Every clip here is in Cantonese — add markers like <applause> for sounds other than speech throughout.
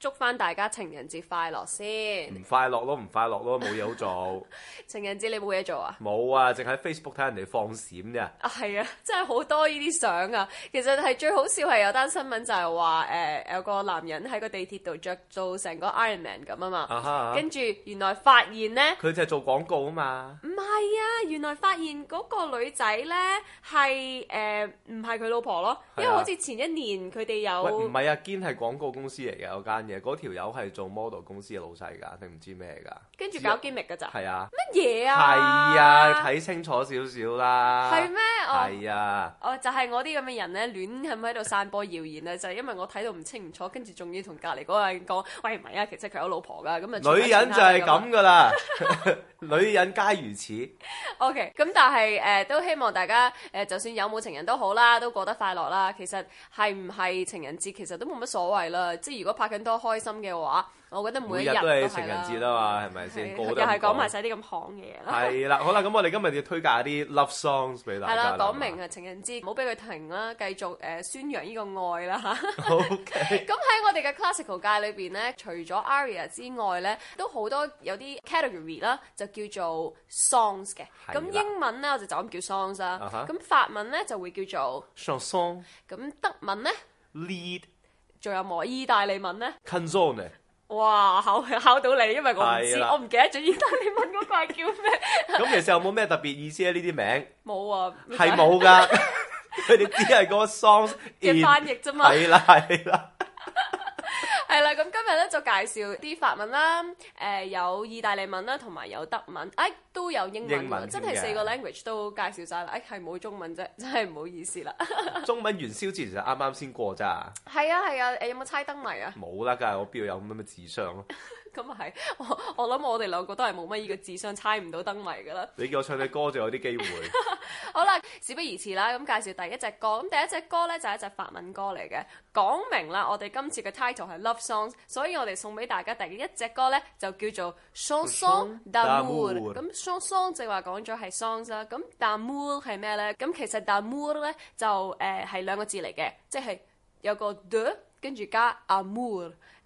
祝翻大家情人節快樂先！唔快樂咯，唔快樂咯，冇嘢好做 <laughs> 。情人節你冇嘢做啊？冇啊，淨喺 Facebook 睇人哋放閃啫。啊，係啊，真係好多呢啲相啊。其實係最好笑係有單新聞就係話，誒、呃、有個男人喺個地鐵度着做成個 Iron Man 咁啊嘛。跟、啊、住、啊、原來發現呢，佢就係做廣告啊嘛。唔係啊，原來發現嗰個女仔呢，係誒唔係佢老婆咯，啊、因為好似前一年佢哋有。唔係啊，堅係廣告公司嚟嘅嗰間。嗰條友係做 model 公司嘅老細㗎，你唔知咩㗎？跟住搞機密㗎咋？係啊。乜嘢啊？係啊，睇清楚少少啦。係咩？係啊。哦，就係、是、我啲咁嘅人咧，亂係咪喺度散播謠言啊？就係、是、因為我睇到唔清唔楚，跟住仲要同隔離嗰個人講：喂，唔係啊，其實佢有老婆㗎。咁啊，女人就係咁㗎啦， <laughs> 女人皆如此。O K，咁但係誒、呃，都希望大家誒、呃，就算有冇情人都好啦，都過得快樂啦。其實係唔係情人節，其實都冇乜所謂啦。即係如果拍緊多。開心嘅話，我覺得每一日都係情人節啦嘛，係咪先？又係講埋晒啲咁行嘢啦。係啦，好啦，咁我哋今日要推介啲 love songs 俾大家。係啦，講明啊，情人節唔好俾佢停啦，繼續誒宣揚呢個愛啦吓。OK，咁喺我哋嘅 classical 界裏邊咧，除咗 aria 之外咧，都好多有啲 category 啦，就叫做 songs 嘅。咁英文咧，我就就咁叫 songs 啦。咁法文咧就會叫做 chanson。咁德文咧 Lied。仲有冇意大利文咧，哇考考到你，因為我唔知道，我唔記得咗意大利文嗰個係叫咩？咁 <laughs> 其實有冇咩特別意思咧？呢啲名冇啊，係冇噶，佢哋只係個 song 嘅翻譯啫嘛，係啦係啦。係啦，咁今日咧就介紹啲法文啦，誒、呃、有意大利文啦，同埋有，有德文，誒、哎、都有英文，英文的，真係四個 language 都介紹晒啦，誒係冇中文啫，真係唔好意思啦。 <laughs> 中文元宵節就啱啱先過咋？係啊係啊，誒有冇猜燈謎啊？冇啦、啊，梗係我邊度有咁多嘅智商啊！ <laughs> 咁啊係，我我諗我哋兩個都係冇乜依個智商，猜唔到燈謎噶啦。你叫我唱嘅歌就有啲機會。好啦，事不宜遲啦，咁介紹第一隻歌。咁第一隻歌咧就係一隻法文歌嚟嘅，講明啦，我哋今次嘅 title 係 love songs，所以我哋送俾大家第一隻歌咧就叫做《Chanson d'amour》。咁《Chanson》即係話講咗係 songs 啦，咁《d'amour》係咩咧？咁其實《d'amour》咧就誒係兩個字嚟嘅，即係有個 de 跟住加 amour。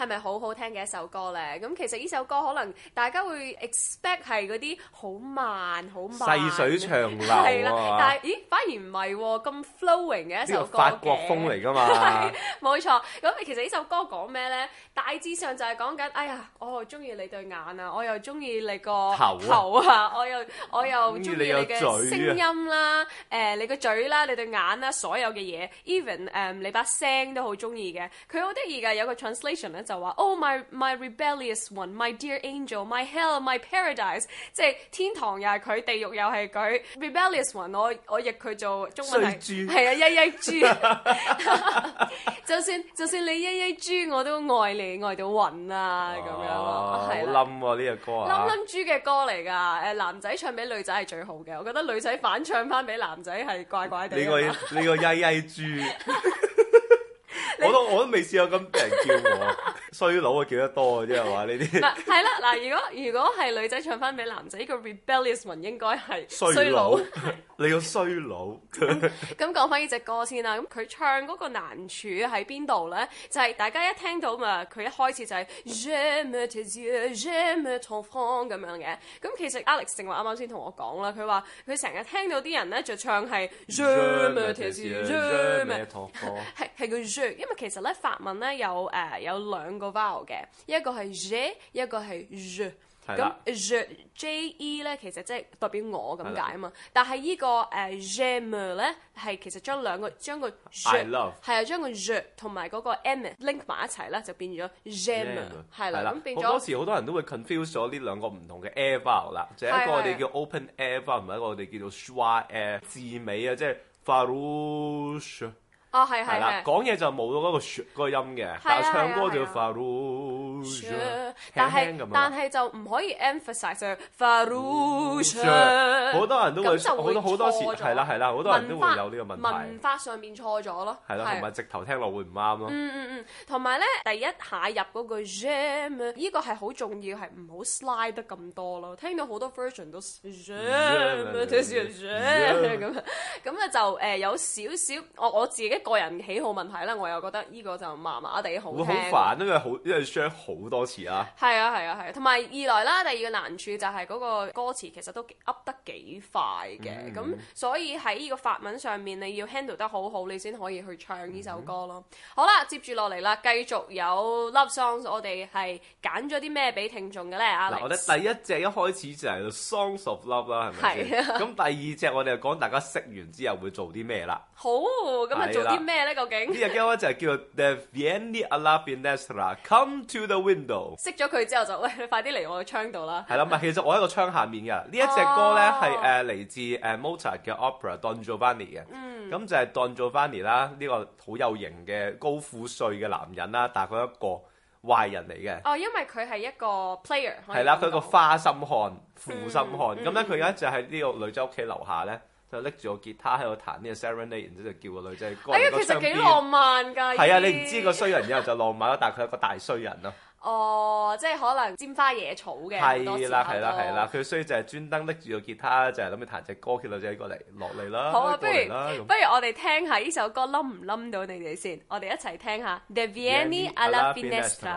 係咪好好聽嘅一首歌咧？咁其實呢首歌可能大家會 expect 係嗰啲好慢、好慢細水長流，係啦。但係咦，反而唔係喎，咁 flowing 嘅一首歌嘅法國風嚟㗎嘛 <laughs> 對？冇錯。咁其實呢首歌講咩咧？大致上就係講緊，哎呀，我好中意你對眼啊，我又中意你個頭,、啊、頭啊，我又我又中意你嘅聲音啦、啊呃，你個嘴啦，你對眼啦，所有嘅嘢，even、呃、你把聲都好中意嘅。佢好得意㗎，有個 translation 咧。就話 Oh my my rebellious one my dear angel my hell my paradise，即係天堂又係佢，地獄又係佢。Rebellious one，我我譯佢做中文係係啊，曳曳豬。就算就算你曳曳豬，我都愛你愛到暈啊！咁、啊、樣咯，好冧喎呢個歌啊！冧冧豬嘅歌嚟㗎，誒男仔唱俾女仔係最好嘅，我覺得女仔反唱翻俾男仔係怪怪地。你個你、啊、個曳曳豬，我都我都未試過咁俾人叫我。 <laughs> 衰佬啊，記得多啊，即係話呢啲。唔係，係啦，嗱，如果如果係女仔唱翻俾男仔，個 rebellious 文應該係衰佬。衰 <laughs> 你個衰佬。咁講翻呢隻歌先啦，咁佢唱嗰個難處喺邊度咧？就係大家一聽到嘛，佢一開始就係 je mets je mets ton fond 咁樣嘅。咁 <music> 其實 Alex 正話啱啱先同我講啦，佢話佢成日聽到啲人咧就唱係 je mets je mets ton fond，係個 je，, me je me 因為其實咧法文咧有誒有兩個 vowel 嘅，一個係 je，一個係 ʒ，咁 ʒje 咧其實即係代表我咁解啊嘛。但係，這個 uh, 呢個誒 e m 咧係其實將兩個將個 ʒ 係啊將個 ʒ 同埋嗰個 m link 埋一齊啦，就變咗 j'aime 係啦。咁變咗時，好多人都會 confuse 咗呢兩個唔同嘅 vowel 啦。就是，一個我哋叫 open vowel，同埋一個我哋叫做 schwa vowel。字尾啊，即係 faroo。啊係，係，啦講嘢就冇到嗰個音嘅，但唱歌就要發 o o o 但係但係就唔可以 emphasize 發 o o o 好多人都會好多好多時，係啦係啦，好多人都會有呢個問題，文法上面錯咗咯。係咯，同埋直頭聽落會唔啱咯。嗯嗯嗯，同埋咧第一下入嗰、嗰個 jam，依、呢個係好重要，係唔好 slide 得咁多咯。聽到好多 version 都 jam jam 咁，咁咧就誒有少少我我自己。個人喜好問題啦，我又覺得呢個就麻麻地好。會好煩，因為好因為 share 好多次啊。係啊係啊係。同埋二來啦，第二個難處就係嗰個歌詞其實都噏得幾快嘅，咁、嗯、所以喺呢個法文上面你要 handle 得好好，你先可以去唱呢首歌咯、嗯。好啦，接住落嚟啦，繼續有 Love Songs，我哋係揀咗啲咩俾聽眾嘅咧 a 嗱，Alex? 我覺得第一隻一開始就係 Songs of Love 啦，係咪先？咁、啊、第二隻我哋就講大家識完之後會做啲咩啦。好，咁啊做。啲咩咧？究竟呢隻歌就係叫做 Deh vieni alla finestra，Come to the window。熄咗佢之後就喂，哎，你快啲嚟我嘅窗度啦。係啦，咪其實我喺個窗下面嘅。這一呢一隻歌咧係誒嚟自誒 Mozart 嘅 Opera Don Giovanni 嘅。咁就係 Don Giovanni 啦，呢個好有型嘅高富帥嘅男人啦，但係佢一個壞人嚟嘅。哦、oh，因為佢係一個 player。係啦，佢一個花心漢、負心漢。咁咧佢而家就喺呢個女仔屋企樓下咧。就拎住個吉他喺度彈啲 serenade，然之後就叫個女仔。哎呀，其實幾浪漫㗎！係啊、哎，你唔知個衰人之後 <laughs> 就浪漫咯，但係佢係個大衰人咯。哦，即係可能沾花惹草嘅。係啦，係啦，係啦，佢衰就係專登拎住個吉他，就係諗住彈隻歌，叫個女仔過嚟落嚟啦。好啊，不如不如我哋聽下呢首歌冧唔冧到你哋先，我哋一齊聽下 The Vieni alla finestra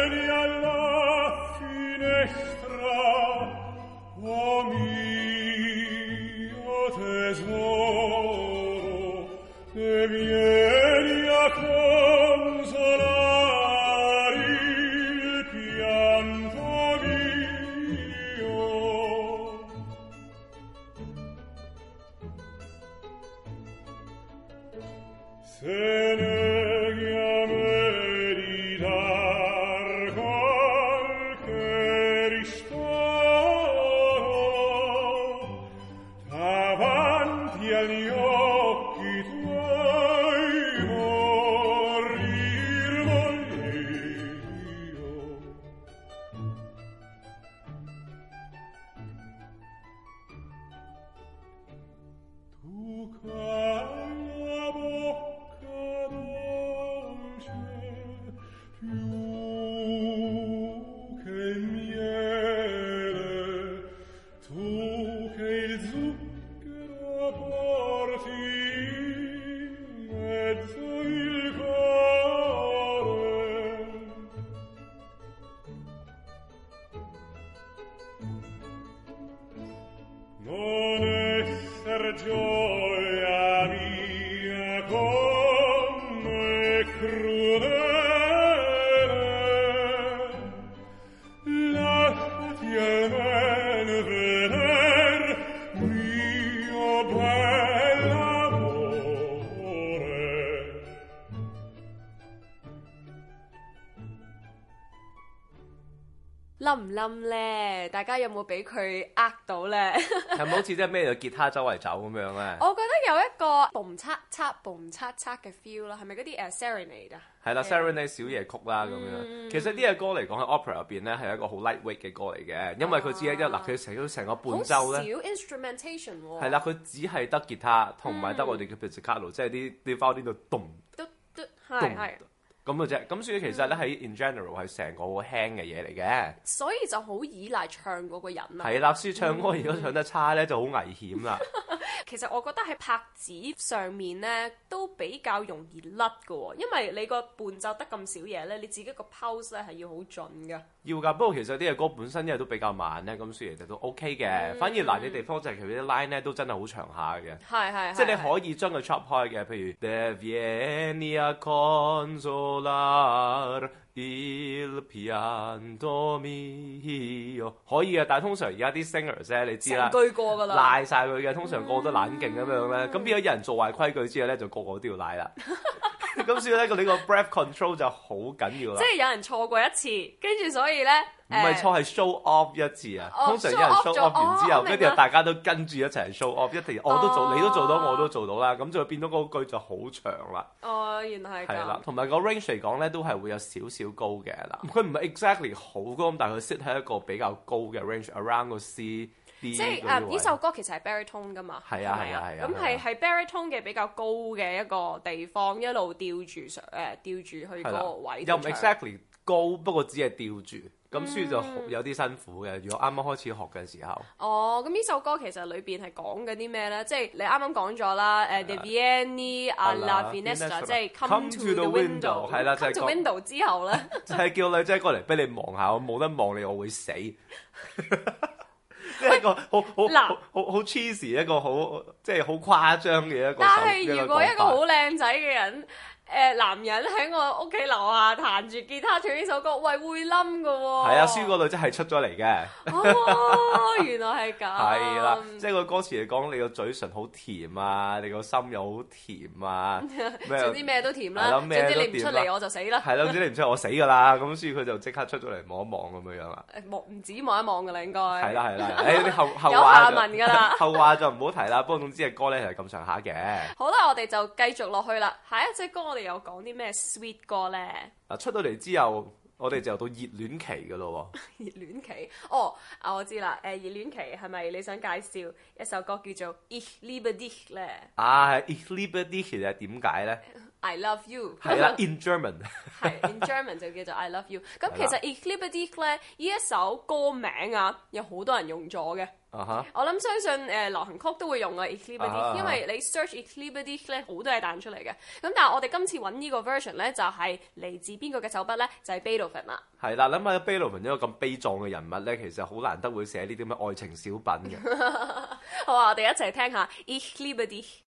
咁、嗯、咧，大家有冇俾佢呃到咧？係 <laughs> 咪好似即係咩叫吉他周圍走咁樣咧？我覺得有一個嘣嚓嚓嘣嚓嚓嘅 feel 咯，係咪嗰啲誒 serenade 啊？係啦，serenade 小夜曲啦咁樣、嗯。其實呢隻歌嚟講喺 opera 入邊咧係一個好 lightweight 嘅歌嚟嘅，因為佢只係一嗱佢成佢成個伴奏咧。好少 instrumentation 喎、啊。係啦，佢只係得吉他同埋得我哋嘅 pizzicato，即係啲啲包啲度咚咚 h i 咁嘅啫，咁所以其實咧喺 in general 係成個好輕嘅嘢嚟嘅，所以就好依賴唱嗰個人啦。係啦，所以唱歌如果唱得差咧、嗯，就好危險啦。 <laughs> 其實我覺得喺拍子上面咧，都比較容易甩嘅喎，因為你個伴奏得咁少嘢咧，你自己個 pose 咧係要好準嘅。要㗎，不過其實啲嘅歌本身因為都比較慢咧，咁雖然就都 OK 嘅、嗯。反而難嘅地方就係佢啲 line 咧都真係好長下嘅。係係，即係、就是、你可以將佢 chop 開嘅譬如。Deviania 可以啊。但係通常而家啲 singers 咧，你知啦，賴晒佢嘅，通常個個都冷靜咁樣咧。咁、嗯、變咗有人做壞規矩之後咧，就個個都要賴啦。 <laughs> 咁 <laughs> 所以咧，個呢個 breath control 就好緊要啦。即係有人錯過一次，跟住所以咧，唔係錯係 show off 一次啊。Oh, 通常有人 show off, off 完之後，跟、oh, 住大家都跟住一齊 show off，、oh, 一定、oh, 我都做，oh, 你都做到，我都做到啦。咁、oh, 就變到嗰句就好長啦。哦、oh,，原來係。係啦，同埋個 range 嚟講咧，都係會有少少高嘅啦。佢唔係 exactly 好高咁，但佢 set 喺一個比較高嘅 range，around 個 C。即係誒呢首歌其實係 baritone 噶嘛，係啊係啊係啊，咁係係 baritone 嘅比較高嘅一個地方，一路吊住上誒吊住去嗰個位。又唔 exactly 高，不過只係吊住，咁所以就、嗯、有啲辛苦嘅。如果啱啱開始學嘅時候。哦，咁呢首歌其實裏邊係講緊啲咩咧？即、就、係、是、你啱啱講咗啦，誒 divini 啊、uh,，la finestra 即係 come to, to the window，係啦、right, to window, right, window right, 之後咧， <laughs> 就係叫女仔過嚟俾你望下，我冇得望你，我會死。 <laughs> 即係一個好好好好 cheesy 一個好即係好、好誇張嘅一個，但係如果一個好靚仔嘅人。誒男人喺我屋企樓下彈住吉他唱呢首歌，喂會冧㗎喎。係啊，輸個女真係出咗嚟嘅。哦，原來係咁。係啦，即係個歌詞嚟講，你個嘴唇好甜啊，你個心又好甜啊。總之咩都甜啦。諗咩？總之你唔出嚟我就死啦。係啦，總之你唔出嚟我死㗎啦。咁所以佢就即刻出咗嚟望一望咁樣樣啦。望唔止望一望㗎啦，應該。係啦係啦，誒後後話有下文㗎啦。後話就唔好提啦。不過總之隻歌咧就係咁上下嘅。好啦，我哋就繼續落去啦。下一隻歌我哋。有講啲咩 sweet 歌咧？嗱出到嚟之後，我哋就到熱戀期噶咯喎！熱戀期哦，我知啦。誒熱戀期係咪你想介紹一首歌叫做《Ich Liebe Dich》咧？啊，《Ich Liebe Dich》其實點解咧？I love you。係啦，in German。係，in German 就叫做 I love you。咁其實 Ich liebe dich 咧，呢一首歌名啊，有好多人用咗嘅。啊哈！我諗相信誒流行曲都會用啊 Ich liebe dich，因為你 search Ich liebe dich 咧好多嘢彈出嚟嘅。咁但係我哋今次揾呢個 version 咧，就係嚟自邊個嘅手筆咧？就係 Beethoven 啦。係啦，諗下 Beethoven 一個咁悲壯嘅人物咧，其實好難得會寫呢啲咁嘅愛情小品嘅。好啊，我哋一齊聽下 Ich liebe dich。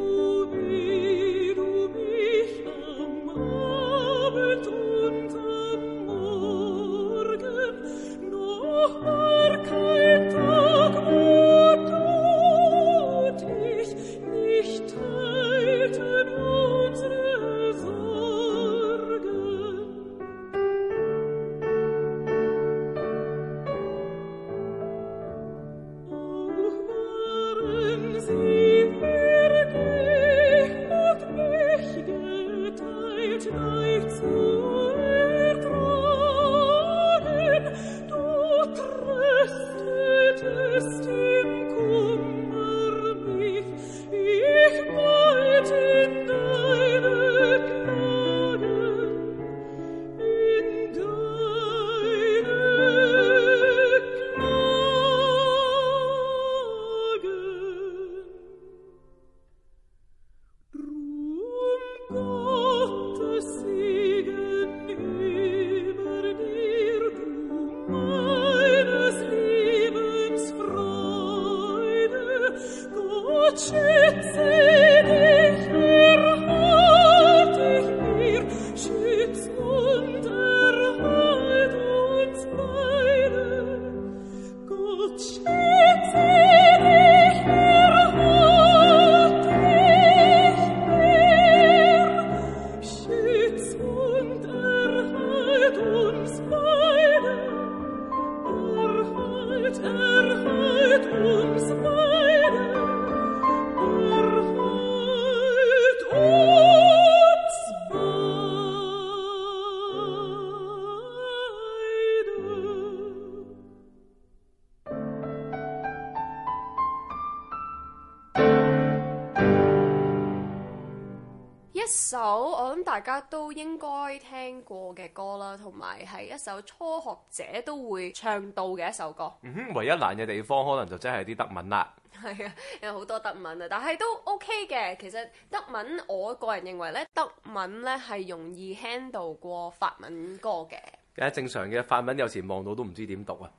一首我諗大家都應該聽過嘅歌啦，同埋係一首初學者都會唱到嘅一首歌。嗯哼，唯一難嘅地方可能就真係啲德文啦。係啊，有好多德文啊，但係都 OK 嘅。其實德文我個人認為咧，德文咧係容易 handle 過法文歌嘅。啊，正常嘅法文有時望到都唔知點讀啊。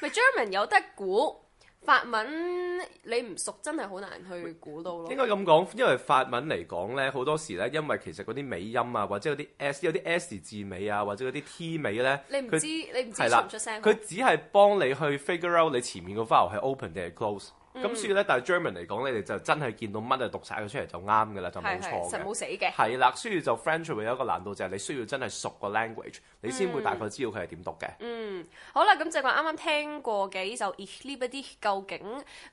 咪 <laughs> German <laughs> 有得估。法文你唔熟真係好難去估到咯。應該咁講，因為法文嚟講咧，好多時咧，因為其實嗰啲尾音啊，或者嗰啲 s 有啲 s 字尾啊，或者嗰啲 t 尾咧，你唔知你唔知出唔出聲。佢只係幫你去 figure out 你前面個 file 係 open 定係 close。咁所以咧，但係 German 嚟講你哋就真係見到乜就讀晒佢出嚟就啱嘅啦，就冇錯嘅。實冇死嘅。係啦，需要就 French 會有一個難度，就係、是、你需要真係熟個 language，、嗯、你先會大概知道佢係點讀嘅。嗯，好啦，咁就話啱啱聽過嘅呢首 e c l i e r e y 究竟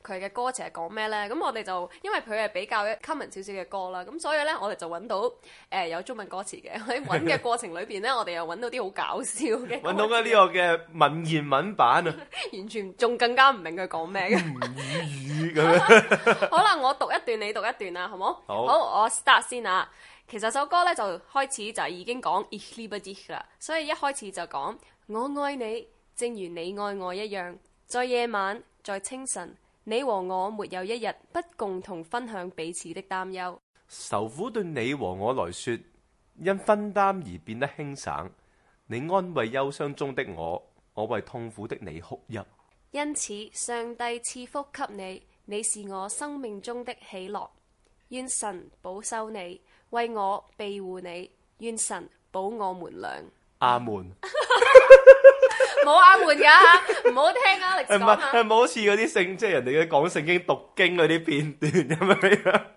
佢嘅歌詞係講咩咧？咁我哋就因為佢係比較 common 少少嘅歌啦，咁所以咧我哋就揾到、呃、有中文歌詞嘅。喺揾嘅過程裏邊咧， <laughs> 我哋又揾到啲好搞笑嘅。揾到呢個嘅文言文版啊！ <laughs> 完全仲更加唔明佢講咩嘅。 <laughs> 好啦，我讀一段，你讀一段啦，好冇？好，我 start 先啦。其實首歌咧就開始就已經講 Ich liebe dich 噶啦，所以一開始就講我愛你，正如你愛我一樣。在夜晚，在清晨，你和我沒有一日不共同分享彼此的擔憂。愁苦對你和我來說，因分擔而變得輕省。你安慰憂傷中的我，我為痛苦的你哭泣。因此，上帝賜福給你，你是我生命中的喜樂。願神保守你，為我庇護你。願神保我們倆。阿門。冇 <laughs> <laughs> 阿門噶，唔好聽啊！唔係，唔好似嗰啲聖，即係人哋嘅講聖經讀經嗰啲片段咁樣。 <laughs> <laughs>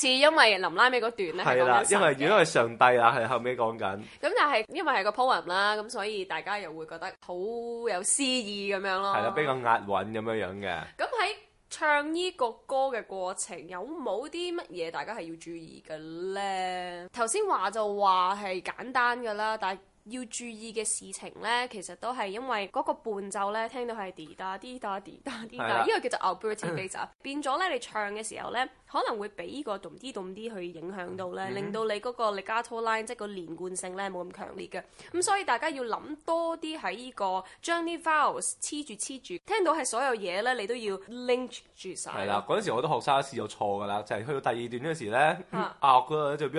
似因為林拉尾嗰段咧，係啦，因為因為上帝啦，係後尾講緊。咁但係因為係個 poem 啦，咁所以大家又會覺得好有詩意咁樣咯。係啦，比較押韻咁樣樣嘅。咁喺唱呢個歌嘅過程，有冇啲乜嘢大家係要注意嘅咧？頭先話就話係簡單㗎啦，但係。要注意嘅事情咧，其實都係因為嗰個伴奏咧，聽到係滴答、滴答、滴答、滴答。呢個叫做 Alberti bass、嗯、變咗咧你唱嘅時候咧，可能會俾呢個動啲動啲去影響到咧，令、嗯、到你嗰個 legato line 即係個連貫性咧冇咁強烈嘅，咁所以大家要諗多啲喺呢個將啲 vowels 黐住黐住，聽到係所有嘢咧，你都要 link 住晒。係啦，嗰陣時我都學生，試就錯㗎啦，就係、是、去到第二段嗰時咧，咬嗰個就比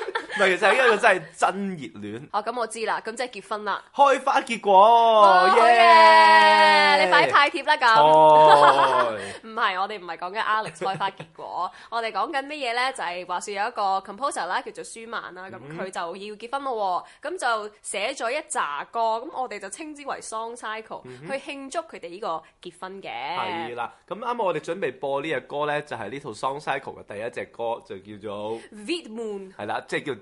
咪就係因為真係真熱戀、啊、哦！咁、嗯、我知啦，咁即係結婚啦，開花結果。好、哦 yeah, yeah. 你快派帖啦咁。唔係， <laughs> 我哋唔係講緊 Alex <laughs> 開花結果，我哋講緊乜嘢咧？就係話說有一個 composer 啦，叫做舒曼啦，咁佢、mm, 就要結婚咯喎，咁就寫咗一扎歌，咁我哋就稱之為 song cycle、mm, 去慶祝佢哋呢個結婚嘅。係啦，咁啱我哋準備播呢隻歌咧，就係呢套 song cycle 嘅第一隻歌，就，是、就叫做 Vit Moon。係啦，即係叫。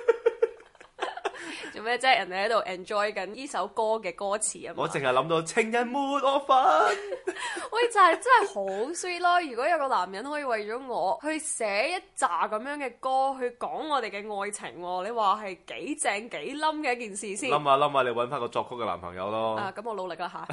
咩啫？人哋喺度 enjoy 緊呢首歌嘅歌詞啊嘛，我淨係諗到情人冇我份。喂，就係真係好 sweet 咯！ <laughs> 如果有個男人可以為咗我去寫一紮咁樣嘅歌，去講我哋嘅愛情喎，你話係幾正幾冧嘅一件事先？冧呀冧呀，你搵翻個作曲嘅男朋友咯、 <laughs> 啊。啊，咁我努力啦吓！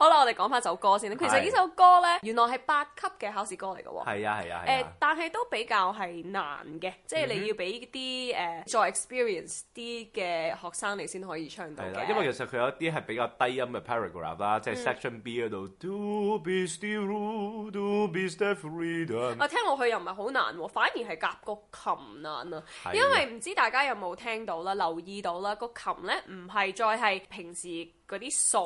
好啦，我哋講翻首歌先啦。其實呢首歌咧，原來係八級嘅考試歌嚟嘅喎。係啊係啊。誒、啊啊啊呃，但係都比較係難嘅，即係你要俾啲再、嗯呃、experienced 啲嘅學生你先可以唱到。係啦、啊，因為其實佢有一啲係比較低音嘅 paragraph 啦、啊，即係 section B 嗰度。我、嗯啊、聽落去又唔係好難喎、啊，反而係夾個琴難啊，啊。因為唔知大家有冇聽到啦、留意到啦，個琴咧唔係再係平時。嗰啲數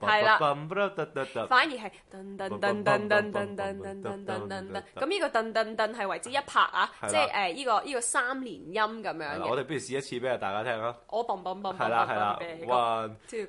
係啦，反而係噔噔噔噔噔噔噔噔噔噔，咁呢個噔噔噔係為之一拍啊，即係誒呢個呢個三連音咁樣，我哋不如試一次俾大家聽啊！我嘣嘣嘣嘣嘣嘅。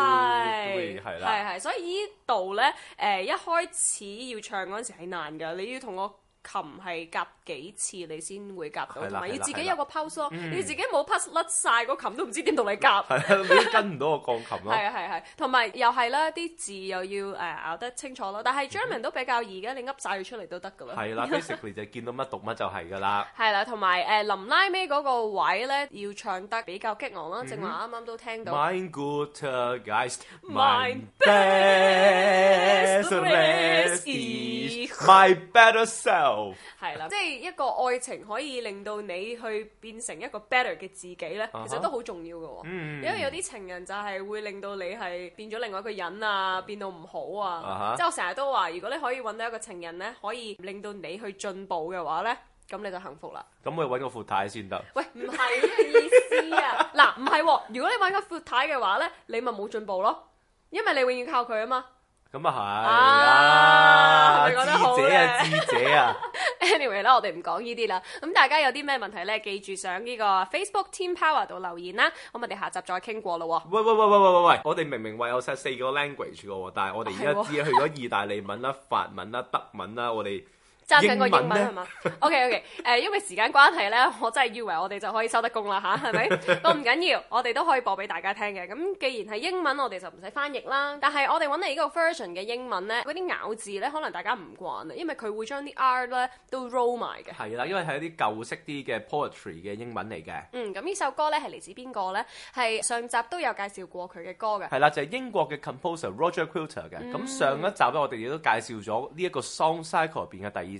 係，係係，所以這裡呢度咧，誒，一開始要唱嗰陣時係難噶，你要同個琴係夾。幾次你先會夾到？係啦，要自己有個 pose，你自己冇 pose 甩晒個琴都唔知點同你夾， <laughs> 的你跟唔到個鋼琴咯。係啊，係同埋又係啦，啲字又要誒咬、uh, 得清楚咯。但係 German 都比較易嘅，你噏晒佢出嚟都得㗎啦。係 <laughs> 啦，basically 就見到乜讀乜就係㗎啦。係啦，同埋誒臨拉尾嗰個位咧，要唱得比較激昂啦。正話啱啱都聽到。Mine good, uh, Mine best My Guys，My Best, best is... My Better Good Self <laughs> 。即一個愛情可以令到你去變成一個 better 嘅自己呢，其實都好重要嘅喎。Uh -huh. 因為有啲情人就係會令到你係變咗另外一個人啊，變到唔好啊。Uh -huh. 即係我成日都話，如果你可以搵到一個情人呢，可以令到你去進步嘅話呢，咁你就幸福啦。咁去搵個闊太先得。喂，唔係呢個意思啊。嗱， <laughs> 唔係喎。如果你搵個闊太嘅話呢，你咪冇進步咯。因為你永遠靠佢啊嘛。咁啊係啊，智者啊，智者啊。 <laughs> Anyway 啦，我哋唔講呢啲啦。咁大家有啲咩問題咧？記住上呢個 Facebook Team Power 度留言啦。咁我哋下集再傾過咯喎。喂喂喂喂喂喂喂，我哋明明話有晒四個 language 噶，但係我哋而家只去咗意大利文啦、 <laughs> 法文啦、德文啦，我哋。揸緊個英文係嘛？OK OK，誒、呃，因為時間關係咧，我真係以為我哋就可以收得工啦吓，係咪？ <laughs> 不過唔緊要，我哋都可以播俾大家聽嘅。咁既然係英文，我哋就唔使翻譯啦。但係我哋揾嚟呢個 version 嘅英文咧，嗰啲咬字咧，可能大家唔慣啊，因為佢會將啲 R 咧都 roll 埋嘅。係啦，因為係一啲舊式啲嘅 poetry 嘅英文嚟嘅。嗯，咁呢首歌咧係嚟自邊個咧？係上集都有介紹過佢嘅歌嘅。係啦，就係、是、英國嘅 composer Roger Quilter 嘅。咁上一集咧，我哋亦都介紹咗呢一個 song cycle 入邊嘅第二集。